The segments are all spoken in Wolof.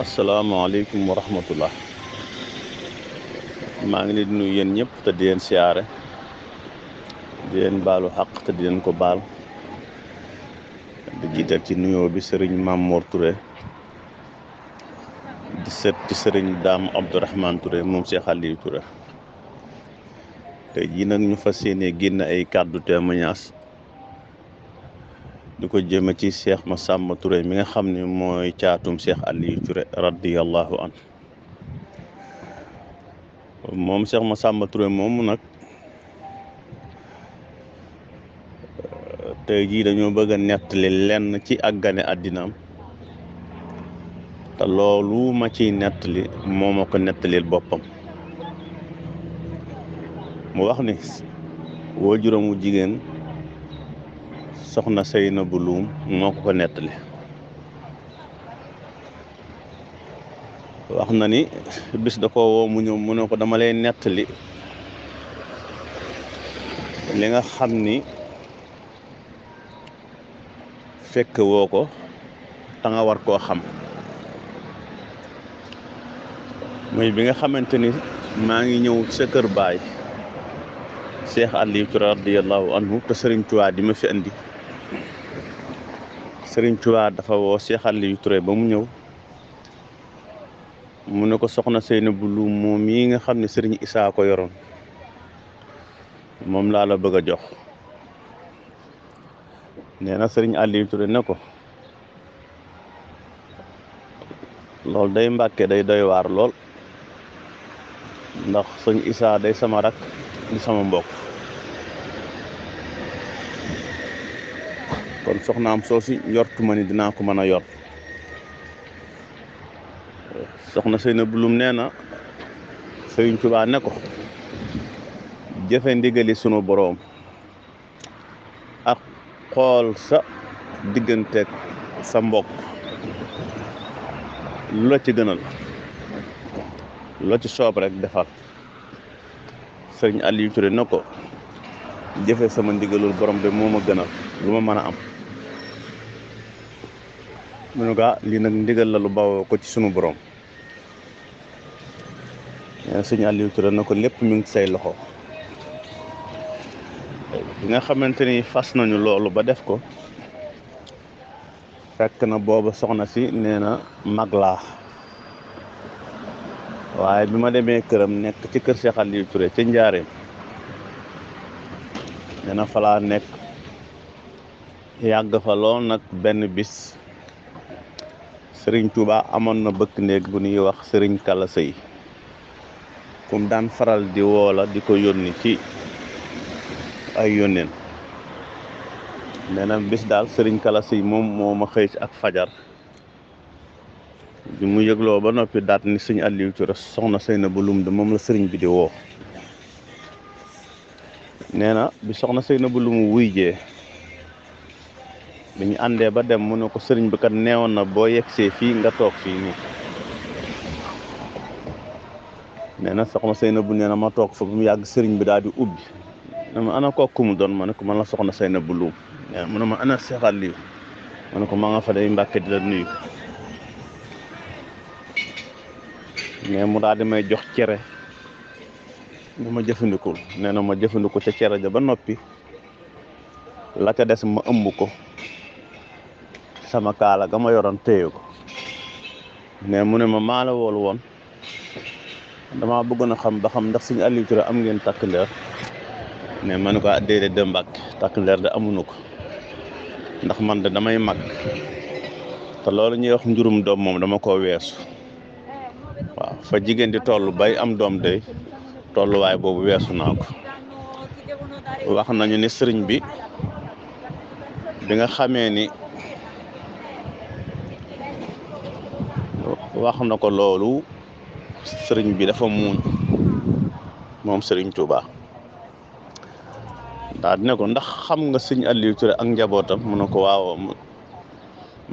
Assalamualaikum warahmatullah. rahmatullah maa ngi leen di nuyu yéen siare, te di leen siyaare di di leen ko baal di jiital ci nuyoo bi sëriñ Mamour Touré di set ci sëriñ Daam Abdourahmane Touré moom Cheikh Aliou Touré tey jii nag ñu fas yéene ay di ko jëme ci seex ma Massamba Touré mi nga xam ne mooy caatum Cheikh Aliou Touré radiyallahu an moom Cheikh Massamba Touré moomu nag tey jii dañoo bëgg a nettali lenn ci àggane àddinaam te loolu ma ciy nettali moo ma ko nettalil boppam mu wax ni waajuram jigéen soxna Seyna bu moko moo ko ko ni bis da koo woo mu ñu mu ne ko dama lay netali li nga xamni fekk woo ko ta nga war ko xam muy bi nga xamanteni ma ngi ñew ci kër baay Cheikh ali anhu te Serigne Touba di ma fi andi Sëriñ Tuubaa dafa woo seexal Aliou Touré ba mu ñëw mu ne ko soxna Seynabou Lo moom yi nga xam ne Sëriñ Isaa ko yoroon moom laa la bëgg a jox nee na Sëriñ Aliou Touré ne ko loolu day mbàkke day doy waar lool ndax sëñ Isaa day sama rak di sama mbokk kon soxnaam soosi yortu ma ni dinaa ko mën a yor soxna ne Bulum nee na Sëriñ Tuubaa ne ko jëfe ndigali sunu boroom ak xool sa digganteeg sa mbokk lu la ci gënal lu ci soob rek defal sëriñ Aliou Touré ne ko jëfe sama ndigalul borom bi moo ma gënal lu ma mën a am mu ne ko ah, lii nag ndigal la lu bawoo ko ci sunu borom sëñ Aliou Touré na ko lépp mu ngi say loxo bi nga xamante ni fas nañu loolu ba def ko fekk na booba soxna si nee na mag laa waaye bi ma demee këram nekk ci kër Cheikh Aliou Touré ca Njaareem nee falaa nekk yàgg fa lool nag benn bis Sering Touba aman na bëkk neeg bu ñuy wax sëriñ Kala sey kum daan faral di wola di ko yónni ci ay yonen nena bis dal sëriñ Kala sey mom moma ma ci ak fajar bi mu yeglo ba nopi daat ni serigne Aliou Touré soxna seyna bu lum de mom la serigne bi di wo sering bi soxna seyna na bu lum wuyje bi ñu àndee ba dem mu ne ko sëriñ bi kat neewoon na boo yegsee fii nga toog fii nii nee na soxna Seynabou nee na ma toog fa bu mu yàgg sëriñ bi daal di ubbi ne ma ana kooku mu doon ma ne ko man la soxna Seynabou Loum mu ne ma ana Cheikh Aliou ma ne ko ma nga fa day Mbàkke di la nuyu mais mu daal may jox cere ne ma jëfandikoo nee na ma jëfandikoo ca cere ja ba noppi la des ma ëmb ko sama kala gama yoran teyo ko ne mune ma mala wol won dama bëggoon a xam ba xam ndax suñu Aliou Touré am ngeen tak ndeer ne man ko ah, déedéet de mbàkk tak ndeer da amunu ko ndax man da damay mag te loolu ñuy wax njurum dom mom dama ko wessu wa fa jigen di tollu bay am dom de tollu way bobu wessu nako wax nañu ni sëriñ bi bi nga xamé ni wax na ko loolu sëriñ bi dafa muuñ moom sëriñ Touba daa dina ko ndax xam nga sëriñ Aliou Touré ak njabootam mu ne ko waaw mu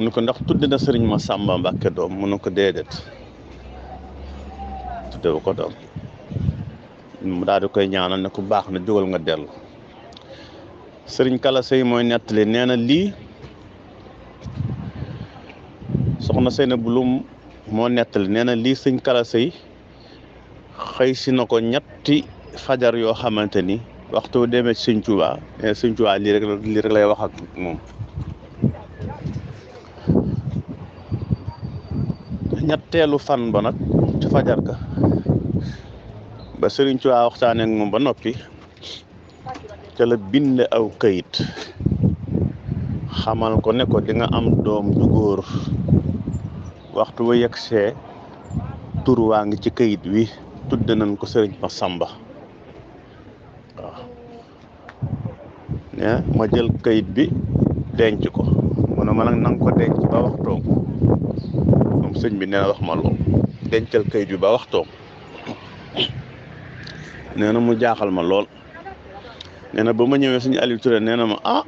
ne ko ndax tudd na sëriñ samba Mbacke doom mu ne ko déedéet tudde ko doom mu daal di koy ñaanal ne ko baax na jógal nga dellu sëriñ Kala Sey mooy nettali nee na lii soxna bu Bulum mo netal neena li señ kala sëy xëy si nako ñetti fajar yo xamanteni waxtu deme señ touba señ touba li rek li rek lay wax ak mom ñetteelu fan ba nak ci fajar ka ba señ touba waxtane ak mom ba nopi te la bind aw kayit xamal ko ne ko di nga am dom du gor waxtu wu yegsee tur waa ngi ci kayit wi tudde nañ ko sëriñ Masamba waaw ne ma jël kayit bi denc ko mu ne ma nag na ko denc ba waxtoom moom sëñ bi nee wax ma lool dencal kayit bi ba waxtoom nee na mu jaaxal ma lool nee na ba ma ñëwee suñu Aliou Touré nee na ma ah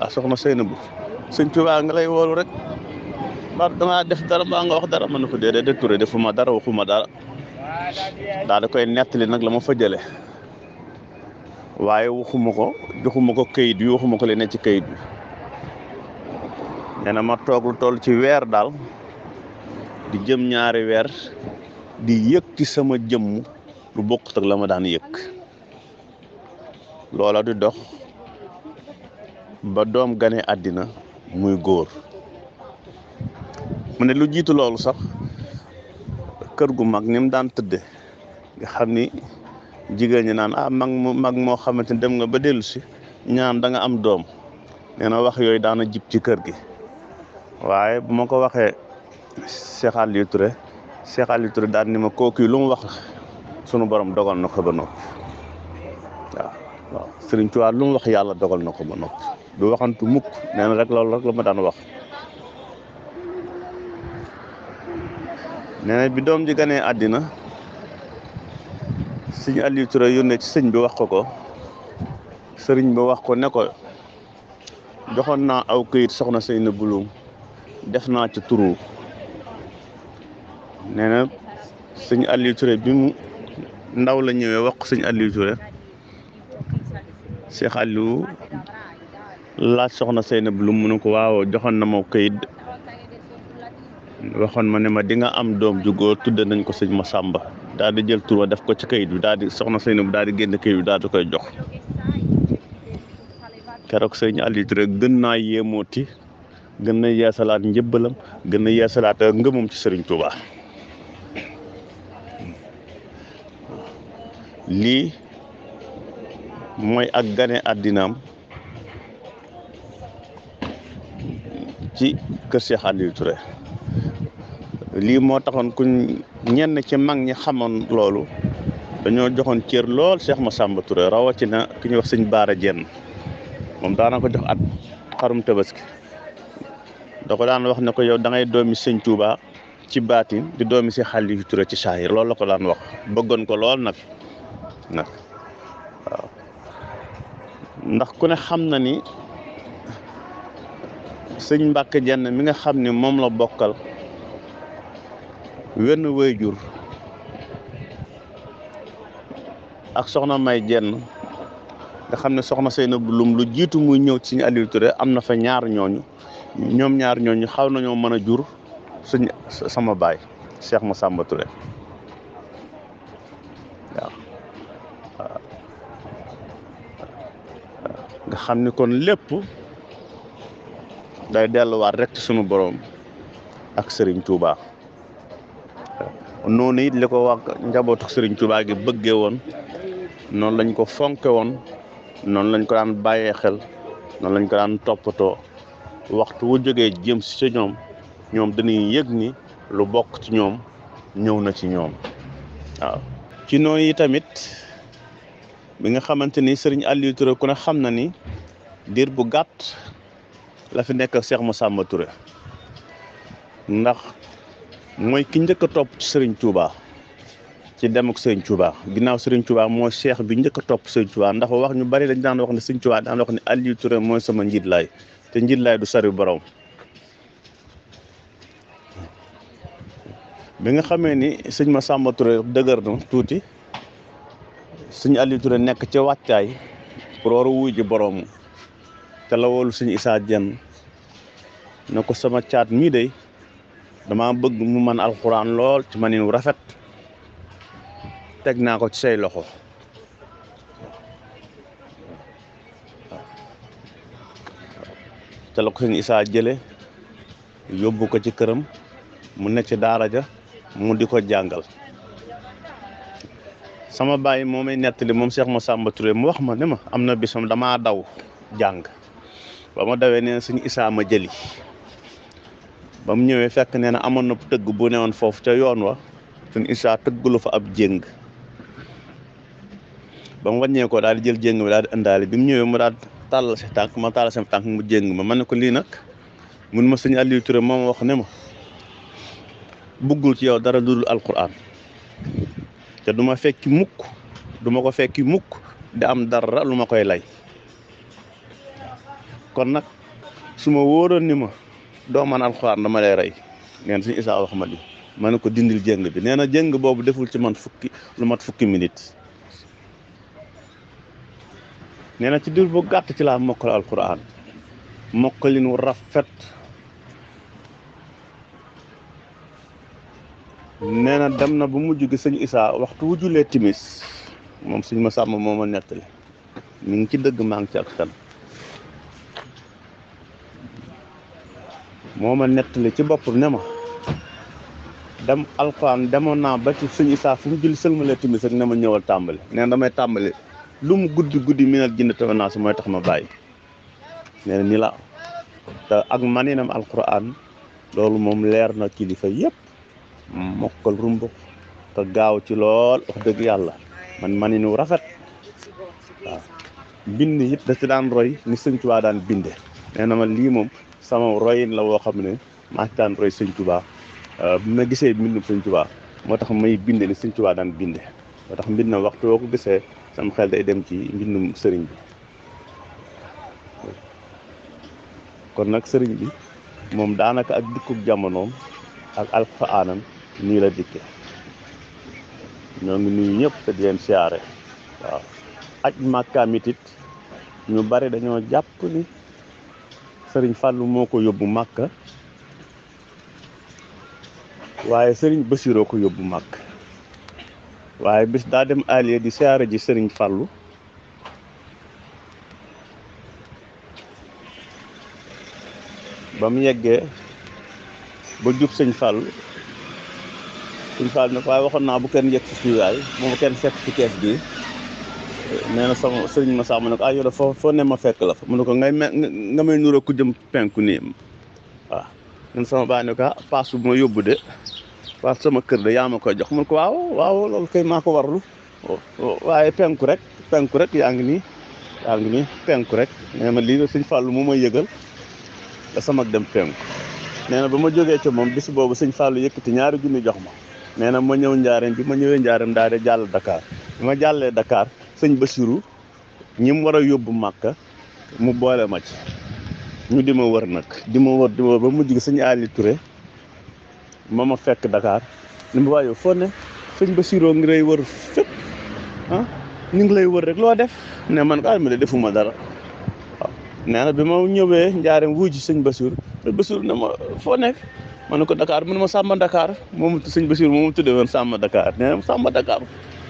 ah soxna Seynabou sëñ Tuubaa nga lay woolu rek ndax dangaa def dara mbaa nga wax dara ma ne ko déedéet de Touré defuma dara waxuma dara daal da koy nettali nag la ma fa jële waaye waxuma ko joxuma ko kayit bi waxuma ko leen ci kayit bi nee ma toog lu toll ci weer daal di jëm ñaari weer di yëg ci sama jëm lu bokkut teg la ma daan yëg loola di dox ba doom gane àddina muy góor mu ne lu jiitu loolu sax kër gu mag ni mu daan tëdde nga xam ni ñi naan ah mag mu mag moo xamante dem nga ba dellu si ñaan da nga am doom nee na wax yooyu daana jib ci kër gi waaye bu ma ko waxee Cheikh Aliou Touré Cheikh Aliou Touré daan ni ma kooku lu mu wax sunu borom dogal na ko ba noppi waaw Serigne Touba lu mu wax yàlla dogal na ko ba noppi du waxantu mukk nee rek loolu rek la ma daan wax. neneen bi doom ji àddina sëñ Aliou ture yónnee ci sëñ bi wax ko ko sëriñ bi wax ko ne ko joxoon naa aw këyit soxna sëy na bulum def naa ci turu nee na sëñ Aliou bi mu ndaw la ñëwee wax ko sëñ Aliou si Cheikh Aliou laaj soxna sëy na bulum mu ne ko waaw joxoon na moo këyit waxon ma ne ma di nga am doom ju góor tudde nañ ko sëñ ma sàmba daal di jël tour def ko ci kayit bi daal di soxna sëñ bi daal di génn kayit bi daal di koy jox keroog sëñ Aliou Touré gën naa yéemooti gën na yeesalaat njëbbalam gën na yeesalaat ngëmam ci sëriñ Touba lii mooy ak gane àddinaam ci kër Cheikh Aliou Touré lii moo taxoon ku ñenn ci mag ñi xamoon loolu dañoo joxoon cër lool Cheikh Massamba Touré rawatina ki ñuy wax sëñ Baara Jenn moom daanako ko jox at xarum tabaski dako daan wax ne ko yow da ngay doomi sëñ Touba ci baatin di doomi si xàll yu Touré ci saahir loolu la ko daan wax bëggoon ko lool nag nag waaw ndax ku ne xam na ni sëñ Mbàkke Jenn mi nga xam ni moom la bokkal wenn jur ak soxna may jenn da xamne ne soxna Seynabou lum lu jitu muy ñew ci ali Touré amna fa ñaar ñooñu ñom ñaar ñooñu xaw nañoo mëna jur suñ sama bay Cheikh samba Touré nga xam kon lepp day war rek ci sunu borom ak Serigne Touba. noonu it li ko wax njabootu Sëriñ Tuubaa gi bëggee woon noonu lañ ko fonke woon noonu lañ ko daan bàyyee xel noonu lañ ko daan toppatoo waxtu wu jógee jëm ci ca ñoom ñoom dañuy yëg ni lu bokk ci ñoom ñëw na ci ñoom waaw ci noonu yi tamit bi nga xamante ni Sëriñ Aliou Touré ku ne xam na ni diir bu gàtt la fi nekk seex Cheikh Massamba Touré ndax mooy ki njëkk topp ci Serigne Touba ci dem ak Serigne Touba ginnaaw Serigne Touba mooy cheikh bi njëkk topp Serigne Touba ndax wax ñu bari dañ daan wax ne Serigne Touba daan wax ne Aliou Touré mooy sama njiit laay te njiit laay du sari borom. bi nga xamee ni sëñ ma Massamba Touré dëgër na tuuti sëñ Aliou Touré nekk ca wàccaay pour war a wuy ji boroomu te la woolu sëñ Issa Dieng ne ko sama caat mii day dama bëgg mu man alquran lool ci manin wu rafet teg naa ko ci say loxo té loxo ñu isa jëlé yobbu ko ci kërëm mu ne ci daara ja mu diko jangal sama bàyyi momay netti mom cheikh mo samba Touré mu wax ma ne amna bisam damaa daw jang ba ma dawee ne sëñ ma jëli ba mu ñëwee fekk nee na amoon na tëgg bu newoon foofu ca yoon wa suñ isaa tëggulu fa ab jéng ba mu wàññee ko daal di jël jéng bi daal di indaale bi mu ñëwee mu daal tàll si tànk ma tàll sama tànk mu jéng ma man ne ko lii nag mun ma sëñ Aliou Touré moom wax ne ma buggul ci yow dara ludul alquran te du ma fekki mukk du ma ko fekki mukk di am dara lu ma koy lay kon nag su ma wóoroon ma do man alquran dama lay ray neen suñu Isa wax ma di ma ko dindil jeng bi neena jeng bobu deful ci man fukki lu mat fukki minute neena ci dur bu gatt ci la mokkal alquran mokalin wu rafet neena na dem na bu mujju gi seigne isa waxtu wujule timis mom seigne massa mom mo ni ngi ci deug ci ak tan moma ma ci bop ne ma alquran demona ba ci sëñ isa fu mu julli timis ak ne ma ñëwal tàmbali nee na damay tàmbali lu mu guddi guddi minal jënd tawa su moy tax ma bay ne ni la ta ak maninam alquran loolu mom leer na kilifa yep mokal rumbu ta gaaw ci lol wax deug yalla man maninu rafet bind da ci daan roy ni sëñ daan binde ne na ma li mom sama royin la woo xam ne maa ngi daan roy sëñ euh, ma gisee mbindum sëñ moo tax may binde ni sëñ daan binde moo tax mbind na waxtu woo ko gisee sama xel day dem ci mbindum sëriñ bi kon nag sëriñ bi moom daanaka ak dikkub jamonoom ak alxuraanam nii la dikke ñoo ngi nuyu ñëpp te di leen siyaare waaw aj màkkaam it ñu bari dañoo jàpp ni sëriñ Fàllu moo ko yóbbu Màkka waaye sëriñ Basiroo ko yóbbu Màkka waaye bis daa dem Aliya di siyaare ji sëriñ Fàllu ba mu yeggee ba jub sëñ Fàllu sëñ Fàllu nag waaye waxoon naa bu kenn yegg si fii waaye kenn fekk ci kees gi nee na sama sëriñ ma sax mu na ko ah yow de foo foo ne ma fekk la fa mu ne ko ngay nga may nuroo ku jëm penku nii waaw ñun sama baay ne ko ah paas bu ma yóbbu de paas sama kër de yaa ma koy jox mu ko waaw waaw loolu kay maa ko warlu waaye penku rek penku rek yaa ngi nii yaa ngi nii penku rek nee lii de sëñ Fallou moo yëgal sama dem penku nee na ba ma jógee ca moom bis boobu sëñ Fallou yëkkati ñaari junni jox ma nee na ma ñëw njaareem bi ma ñëwee njaareem daal di jàll Dakar ma jàllee Dakar. señ Bassirou ñi mu war a yóbbu mu boole ma ci ñu di wër nak di wër dima ba mujj gi señ Ali Touré mama fekk Dakar ni ma waaye foo ne sëñ Bassirou ngi lay wër fépp ah ñu ngi lay wër rek lo def ne man ka ah, mi defuma dara neena bima ñëwé bi ma señ njaareem ne ma ko Dakar mu ma Samba Dakar moom sëñ Bassirou moom tuddee woon Samba Dakar Samba Dakar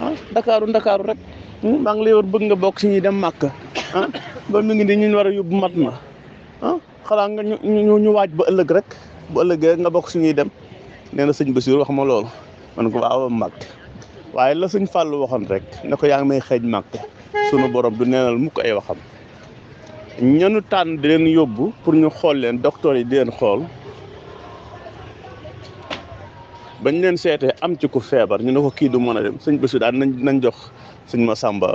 ah Dakaru Dakaru rek maa ngi lay bëgg nga bokk si ñuy dem màkk ah ba ngi nii ñu war a yóbbu mat ma ah nga ñu waaj ba ëllëg rek ba ëllëgee nga bokk si ñuy dem nee na sëñ Basiir wax ma loolu man ko waaw màkk waaye la sëñ Fàllu waxoon rek ne ko yaa ngi may xeej màkk sunu borom du neenal mukk ay waxam ñanu tànn di leen yóbbu pour ñu xool leen docteur yi di leen xool bañ leen seetee am ci ku feebar ñu ne ko kii du mën a dem sëñ Basiir daal nañ nañ jox. suñ ma sàmba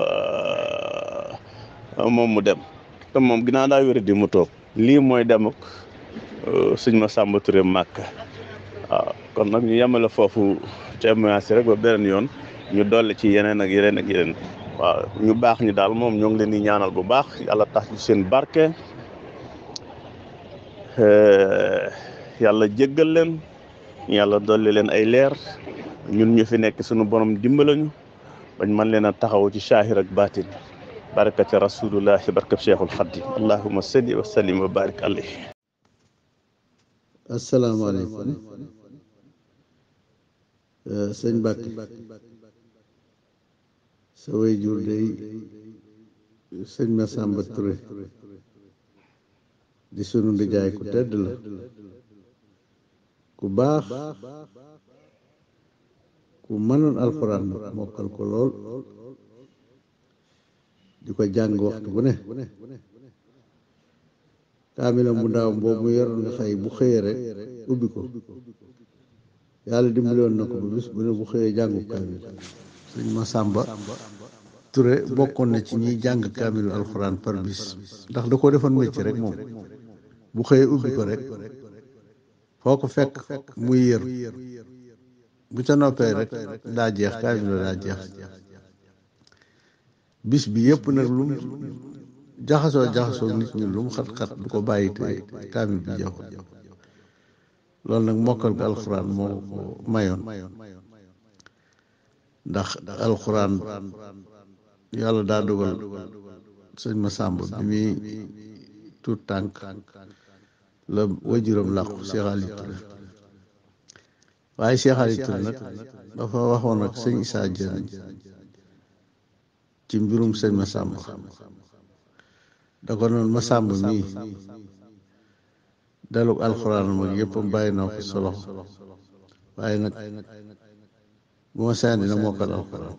mom mu dem te mom gina da wér di mu tok li moy dem euh suñ ma samba touré makka waaw kon nak ñu yemale foofu témoignage rek ba bénn yoon ñu dolli ci yenen ak yenen ak yenen wa ñu baax ñu dal mom ñong leen ni ñaanal bu baax yalla tax ci seen euh yalla jéggal leen yalla dolli leen ay leer ñun ñu fi nekk suñu borom dimbalañu bañ mën leen a taxaw ci saahir ak baatin barakati eh, sëñ Mbàkke di sunu ndijaay ku tedd la ku baax manon alquran Quran, eh. ko kolol di jang waktu waxtu bu ne kaamilam bu ndaawam boobu mu yoroon nga xëy bu xëyee rek ubbi ko yàlla dimbiloon bu bis bu ne bu xëyee jàngu kaamil ma Masamba Touré bokon na ci ñi jang kaamilu alquran par bis ndax da koo defoon mécc rek mom bu xëyee ubbi ko rek foko fek muy yër bu ca noppee rek daa jeex kaamil daa jeex bis bi yëpp nag lum jaxasoo jaxasoo nit ñi lum xat-xat du ko bàyyi te kaamil bi jeexul loolu nag mokkal ko alxuraan moo ko mayoon ndax alxuraan yàlla daa dugal sëñ Masamba bi muy tuut tànk la wajuram làqu Seex Ali Ture waaye Cheikh Ali Touré nag dafa waxoon ak sëñ Issa Diène ci mbirum sëñ Massamba da ko noon Massamba mii dalug alxuraan mag yëpp bàyyi na ko sa loxo waaye nag bu ma seen dina mokkal alxuraan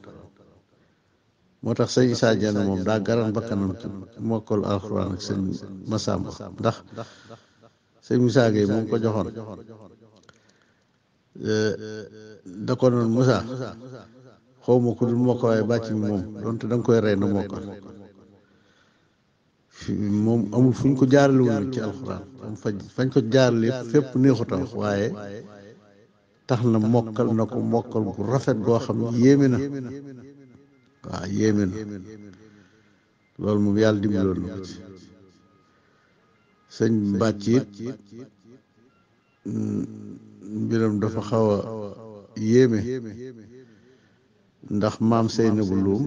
moo tax sëñ Issa Diène moom daa garan bakkanam ci mokkal alxuraan ak sëñ Massamba ndax sëñ Moussa Gueye moom ko joxoon da ko noon Moussa xaw ma ku dul mokk waaye bàcc moom donte da nga koy rey na mokkal moom amul fu ñu ko jaarale woon ci alxuraan fa fañ ko jaarale fépp neexut a wax waaye tax na mokkal na ko mokkal bu rafet goo xam ne yéeme na waaw yéeme na loolu moom yàlla dimbaloon na ko ci mbiram dafa xaw a yéeme ndax maam Seynabu Luum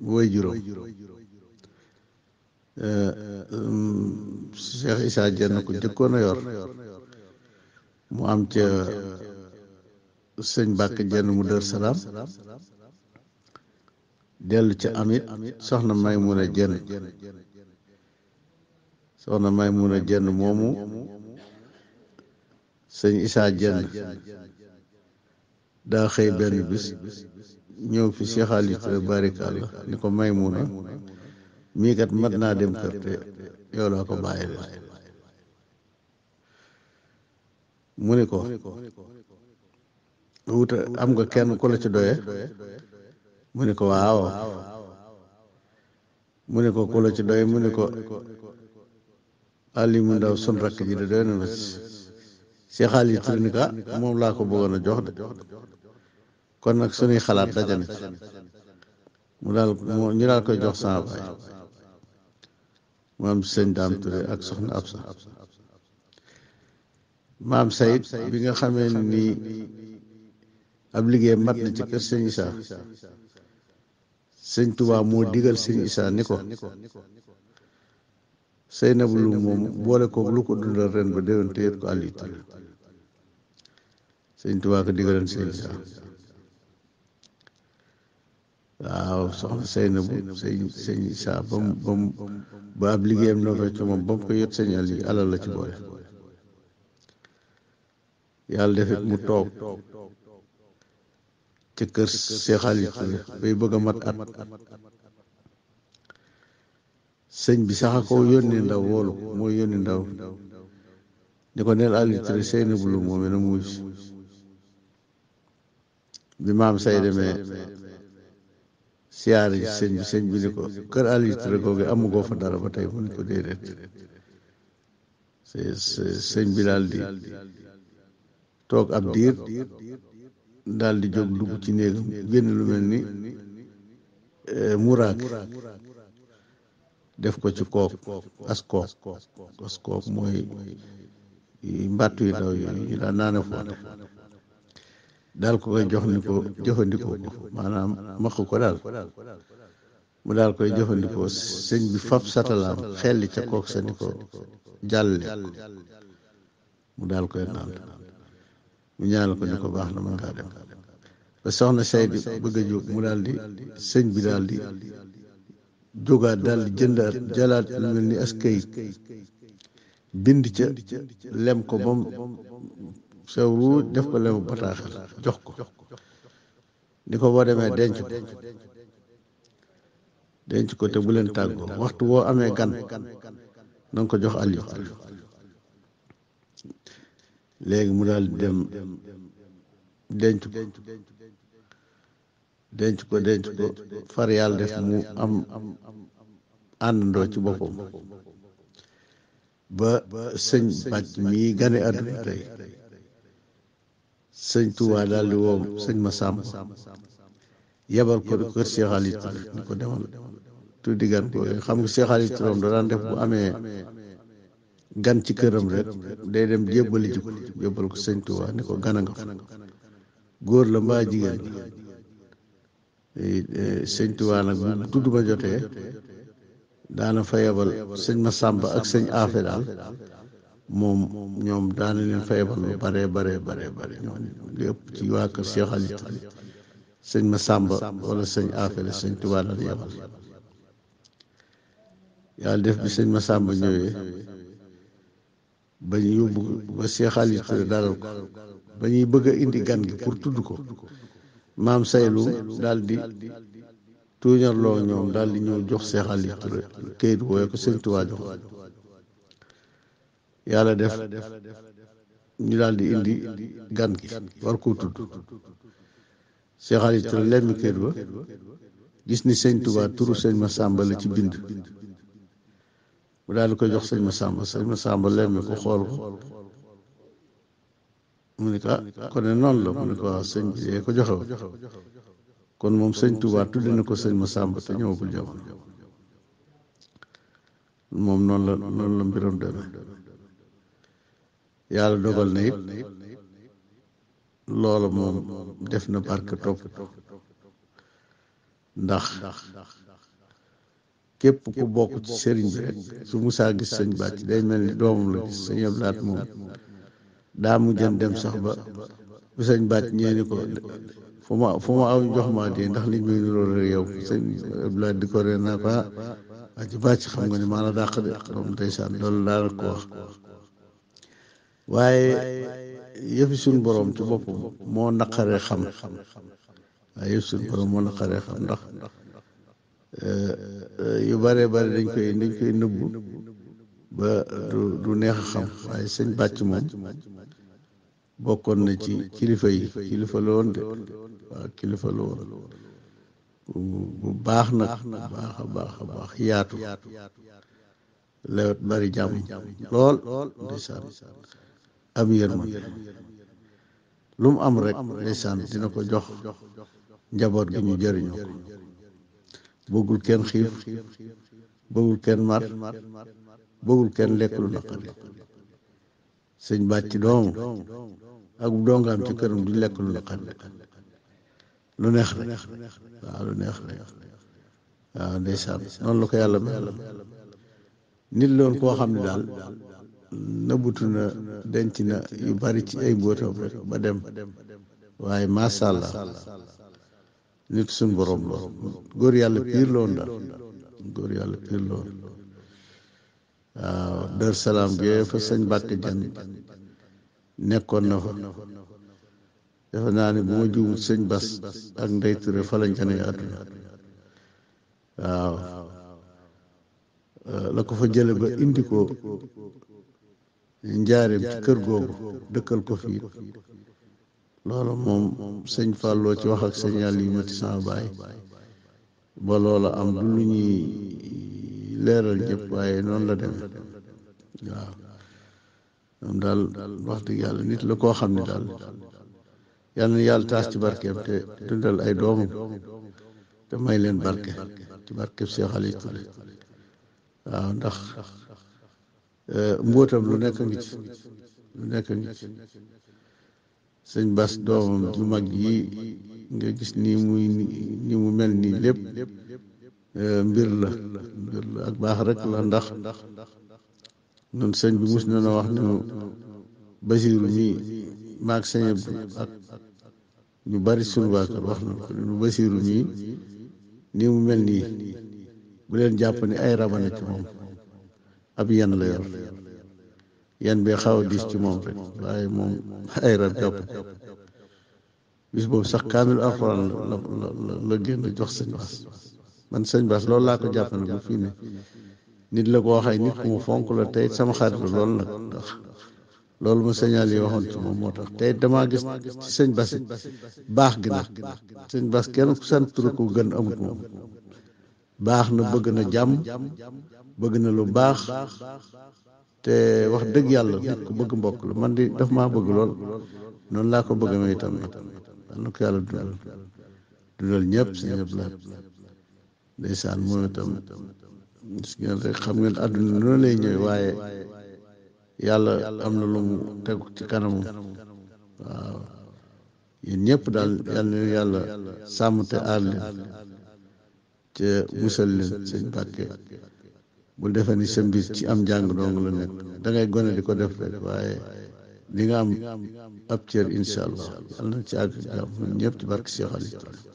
woy juróom eh, Cheikh Issa Dieng ko jëkkoon a yor mu am ca sëñ Bàkk Dieng mu dër salaam dellu ca amit soxna Maymuna Dieng soxna Maymuna Dieng moomu sëñ isaa jenn daa xëy benn bis ñëw fi Cheikh Ali Touré barikàlla ni ko Maymuna mii kat mat naa dem kër te yow laa ko bàyyi mu ni ko wuta am nga kenn ku la ci doye mu ni ko waaw mu ni ko ku ci doye mu ni ko Ali mu ndaw sun rakk ji de doy na la Cheikh Aliou Tounika moom laa ko bëggoon a jox da kon nag suñuy xalaat daje na ci mu daal ñu daal koy jox sama baay maam sëñ Daam Touré ak soxna Absa maam Sayid bi nga xamee ni ab liggéey mat na ci kër sëñ Isaa sëñ Tuubaa moo digal sëñ Isaa ni ko Seynabu Lu moom boole ko lu ko dundal ren ba déwén te yët ko àll itam sëñ Tuubaa ko digaloon sëñ saa waaw soxna Seynabu sëñ sëñ saa ba mu ba mu ba ab liggéeyam noonu ci moom ba mu ko yët sëñ àll alal la ci boole yàlla defit mu toog ci kër Seex Aliyu bay bëgg a mat at sëñ bi sax ko yónnee ndaw woolu mooy yónni ndaw ni ko neel àllitre sëy na bulu moom na muus bi maam say demee siyaare ji sëñ bi sëñ bi ni ko kër àllitre googu amu ko fa dara ba tey mu ni ko déedéet sëñ bi daal di toog ab diir daal di jóg dugg ci néegam génn lu mel ni eh, muraak def ko ci kook as kook as kook mooy mbàttu yu ndaw yi ñu daan naane foote daal ko koy jox ni ko jëfandikoo ko maanaam maq ko daal mu daal koy jëfandikoo sëñ bi fab satalaam xelli ca kook sa ni ko jàlle mu daal koy naan mu ñaanal ko ni ko baax na ma ngaa dem ba soxna say di bëgg mu daal di sëñ bi daal di jógaat daal di jëndaat jalaat lu mel ni askay bind ca lem ko moom sewru def ko lemu bataaxal jox ko ni ko boo demee denc ko denc ko te bu leen tàggoo waxtu woo amee gan na nga ko jox al Aliou léegi mu daal dem denc ko denc ko denc ko far yàlla def mu am àndandoo ci boppam ba sëñ bàcc mii gane àdduna tey sëñ Touba daal di woom sëñ ma Massamba yabal ko kër Cheikh Ali Touré ñu ko demal tuddi gan ko xam nga Cheikh Ali Touré da daan def bu amee gan ci këram rek day dem jébbali ji ko jébbal ko sëñ Touba ni ko gana nga fa góor la mbaa jigéen Eh, eh, sëñ Tuubaa nag bu tudd ba jotee daana fa yebal sëñ Masamba ak sëñ Afe daal moom ñoom daana leen fa yebal lu bare bare bare bare ñoom lépp ci waa kër Cheikh Ali sëñ Masamba sëñ Afe la sëñ Tuubaa daan yebal def bi sëñ Masamba ñëwee ba ñu yóbbu ba Cheikh Ali Touré dalal ko ba ñuy bëgg indi gan gi pour tudd ko maam saylu daal di tuuñarloo ñoom dal di ñëw jox Seex Ali Ture këyit wooye ko Sëñ Tuubaa jox yàlla def ñu daal di indi gan gi war koo tudd Seex Ali Ture lemmi këyit ni Sëñ Tuubaa turu Sëñ Masamba la ci bind mu daal di ko jox Sëñ Masamba Sëñ Masamba lemmi ko xool ko mu ne ko ah kon ne noonu la mu ne sëñ yee ko joxe kon moom sëñ Tuubaa tudde na ko sëñ Masamba te ñëwagul jamono moom noonu la noon la mbiram demee yàlla dogal na it loola moom def na barke topp ndax képp ku bokk ci sëriñ bi rek su musaa gis sëñ bàcc day mel ni doomam la gis sëñ Abdu moom daa mujjoon dem sax ba bu sëñ bàcc ñeeni ko fu ma fu ma aw jox ma di ndax liñ may loolu yow sëñ Abdoulaye di ko ree naa ko ah waa ci bàcc xam nga ni maa la dàq de moom ndeysaan loolu daal ko wax waaye yëfi suñ borom ci boppam moo naqaree xam waaye yëfi suñ borom moo naqaree xam ndax eh, yu bare bare dañ koy dañ ba du du neex a xam waaye sëñ bàcc moom bokkoon na ci kilifa yi kilifa la woon de kilifa bu baax nag baax a baax a baax yaatu lewet bari jàmm lool ndeysaan am yërma lu mu am rek ndeysaan dina ko jox njaboot gi ñu jëriñoo ko bëggul kenn xiif kenn mar bëggul kenn lekk lu naqari sëñ bàcc doomu ak dongaam ci këram di lekk lu naqar lu neex rek waaw lu neex rek waaw ndeysaan noonu la ko yàlla mel nit loon koo xam ne daal nëbbutu na denc na yu bari ci ay mbóotam rek ba dem waaye macha allah nit suñ borom la góor yàlla piir loon daal góor yàlla piir loon waaw Dar Salaam gee fa sëñ Mbàkke Jàng nekkoon na fa defe naa ne bu ma juumut sëñ bas ak ndey Touré fa lañ gane waaw la ko fa jële ba indi ko njaareem ci kër googu dëkkal ko fii loolu moom sëñ Falloo ci wax ak sëñ yàlla yi mati sama baay ba loola am du lu ñuy leeral ñëpp waaye noonu la demee waaw moom daal wax dëgg yàlla nit la koo xam ne daal yàlla na ci barkeem te dundal ay doomam te may leen barke ci barkeem Seex Aliyu Ture waaw ndax eh, mbóotam lu nekk ngi ci lu nekk ngi ci sëñ Bas doomam ju mag yi nga gis ni muy ni mu mel nii lépp eh, mbir la mbir la ak baax rek la ndax nun sëñ bi mus na na wax ne basiru mii maag sëñ ak ñu bari suñu waa wax na ko nu basiru mii nii mu mel nii bu leen jàpp ni ay rabana ci moom ab yan la yor yan bee xaw a ci moom rek waaye moom ay rab jàpp bis boobu sax kaamil alxuraan la la la génn jox sëñ Bass man sëñ Bass loolu laa ko bu fii nit la koo xay nit ku mu fonk la tey sama xarit la loolu nag tax loolu ma señaal waxoon ci moo tax tey damaa gis ci sëñ Bas baax gi nag sëñ Bas kenn ku sant tur ko gën amut moom baax na bëgg na jàmm bëgg na lu baax te wax dëgg yàlla nit ku bëgg mbokk la man di daf maa bëgg lool noonu laa ko bëgg may itam nag na ko yàlla dundal dundal ñëpp sëñ Abdoulaye ndeysaan moom itam gis ngeen rek xam ngeen àdduna noonu lay ñëw waaye yàlla am na lu mu tegu ci kanam waaw yéen ñëpp daal yal na yàlla sàmm te aar leen te musal leen seen barke bu defee ni sa mbir ci am jàng dong la ne da ngay gone di ko def rek waaye di nga am ab cër incha allah yal na ci àgg jàmm ñëpp ci barke Cheikh